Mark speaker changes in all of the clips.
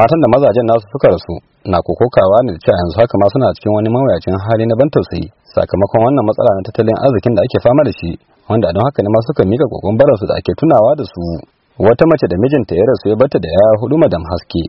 Speaker 1: matan da mazajen nasu suka rasu na kokokawa ne da cewa yanzu haka ma suna cikin wani mawuyacin hali na ban tausayi sakamakon wannan matsala na tattalin arzikin da ake fama da shi wanda don haka ne ma suka mika kokon barasu da ake tunawa da su wata mace da mijinta ya rasu ya bata da ya hudu madam haske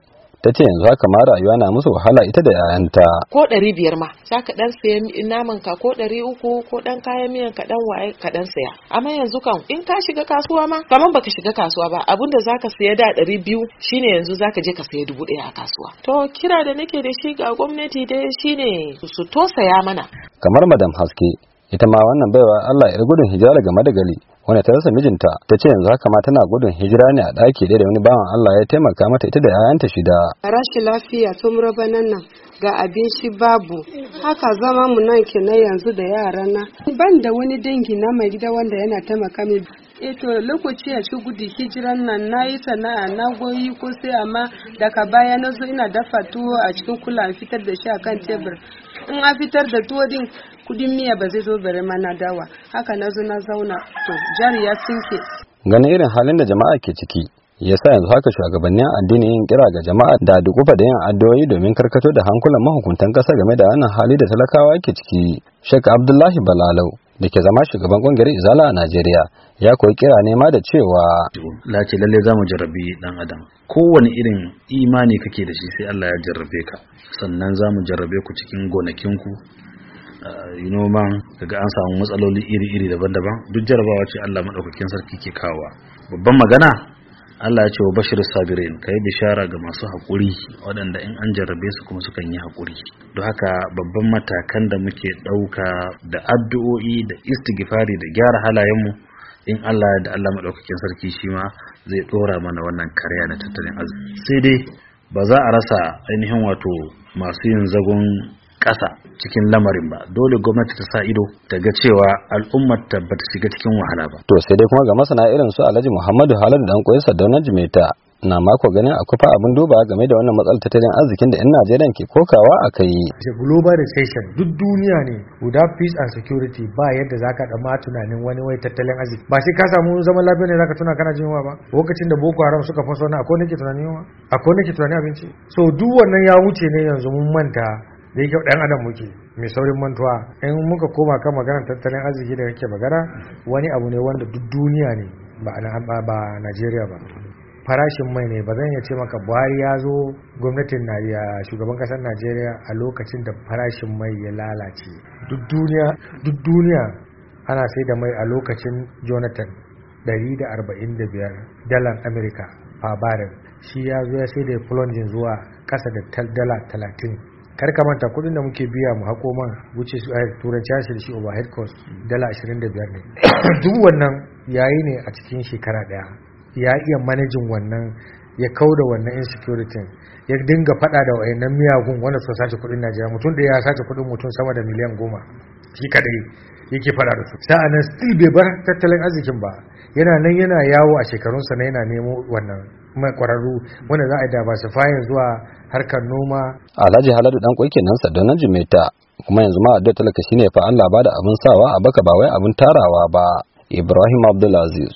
Speaker 1: ta ce yanzu haka ma rayuwa na musu wahala ita da yayanta
Speaker 2: ko ɗari biyar ma za ka ɗan saya naman ka ko ɗari uku ko ɗan kayan miyan ka ɗan waye ka ɗan saya amma yanzu kan in ka shiga kasuwa ma kamar baka shiga kasuwa ba abun da zaka saya da ɗari biyu shine yanzu zaka je ka saya dubu ɗaya a kasuwa to kira da nake da shi ga gwamnati dai shine su tosaya mana
Speaker 1: kamar madam haske ita ma wannan baiwa Allah ya gudun hijira game da wanda ta rasa mijinta ta ce yanzu haka ma tana gudun hijira ne a ɗaki ɗaya da wani bawan Allah ya taimaka mata ita da 'ya'yanta shida.
Speaker 2: Rashin lafiya to mura nan ga abinci babu haka zama mu nan kenan yanzu da yarana ban da wani dangi na mai gida wanda yana taimaka min eh to lokaci a ci gudu hijiran nan na yi sana'a na goyi ko sai amma daga baya na zo ina dafa tuwo a cikin kula a fitar da shi a kan tebur in an fitar da tuwo din kudin miya ba zai zo bare mana dawa haka na zo na zauna to jari ya sinke
Speaker 1: ganin irin halin da jama'a ke ciki ya sa yanzu haka shugabannin addini yin kira ga jama'a da dukufa da yin addu'o'i domin karkato da hankulan mahukuntan kasa game da wannan hali da talakawa ke ciki shek Abdullahi Balalau da ke zama shugaban kungiyar Izala a Najeriya ya koyi kira
Speaker 3: ne ma da cewa lace lalle zamu jarrabi dan adam kowane irin imani kake da shi sai Allah ya jarrabe ka sannan zamu jarrabe ku cikin gonakinku ah, yi noman daga an samu matsaloli iri-iri daban-daban duk jarrabawa ce Allah maɗaukakin sarki ke kawa babban magana Allah ya ce wa bashir sabirin ka bishara ga masu hakuri waɗanda in an jarrabe su kuma sukan yi hakuri don haka babban matakan da muke ɗauka da addu'o'i da istighfari da gyara halayenmu in Allah ya da Allah maɗaukakin sarki shi ma zai ɗora mana wannan karya na tattalin arziki sai dai ba za a rasa ainihin wato masu yin zagon ƙasa cikin lamarin ba dole gwamnati ta sa ido ta ga cewa al'ummar ta shiga cikin wahala ba
Speaker 1: to sai dai kuma ga masana irin su Alhaji Muhammadu Haladu dan koyar Sardauna Jimeta na mako ganin a kufa abin duba game da wannan matsalar tattalin arzikin da 'yan Najeriya ke kokawa a kai.
Speaker 4: The global recession duk duniya ne without peace and security ba yadda zaka da ma tunanin wani wai tattalin arziki ba sai ka samu zaman lafiya ne zaka tuna kana jin ba lokacin da Boko Haram suka faso na akwai nake tunanin abinci so duk wannan ya wuce ne yanzu mun manta da yake dan adam muke mai saurin mantuwa in muka koma kan maganar tattalin arziki da yake magana wani abu ne wanda duk duniya ne ba Najeriya ba farashin mai ne ba zan iya ce maka buhari ya zo gwamnatin najeriya shugaban kasar najeriya a lokacin da farashin mai ya lalace duk duniya ana sai da mai a lokacin jonathan 145 dalar amerika a barin shi ya zo ya sai da plungin zuwa kasa da dala 30 kar ka manta kudin da muke biya mu hako man wuce eh, su a turanci da shi overhead cost dala 25 ne duk wannan yayi ne a cikin shekara daya ya iya manajin wannan ya kauda wannan insecurity ya dinga fada da wayannan miyagun wanda su sace kudin Najeriya mutum da ya sace kudin mutum sama da miliyan goma shi kadai yake fada da su nan still bai bar tattalin arzikin ba yana nan yana yawo a shekarunsa na yana nemo wannan mai kwararru wanda za a yi diversifying zuwa harkar noma
Speaker 1: Alhaji Haladu dan kwai kenan Sadona Jimeta kuma yanzu ma addu'a talaka shine fa Allah ba da abin sawa a baka ba wai abin tarawa ba Ibrahim Abdulaziz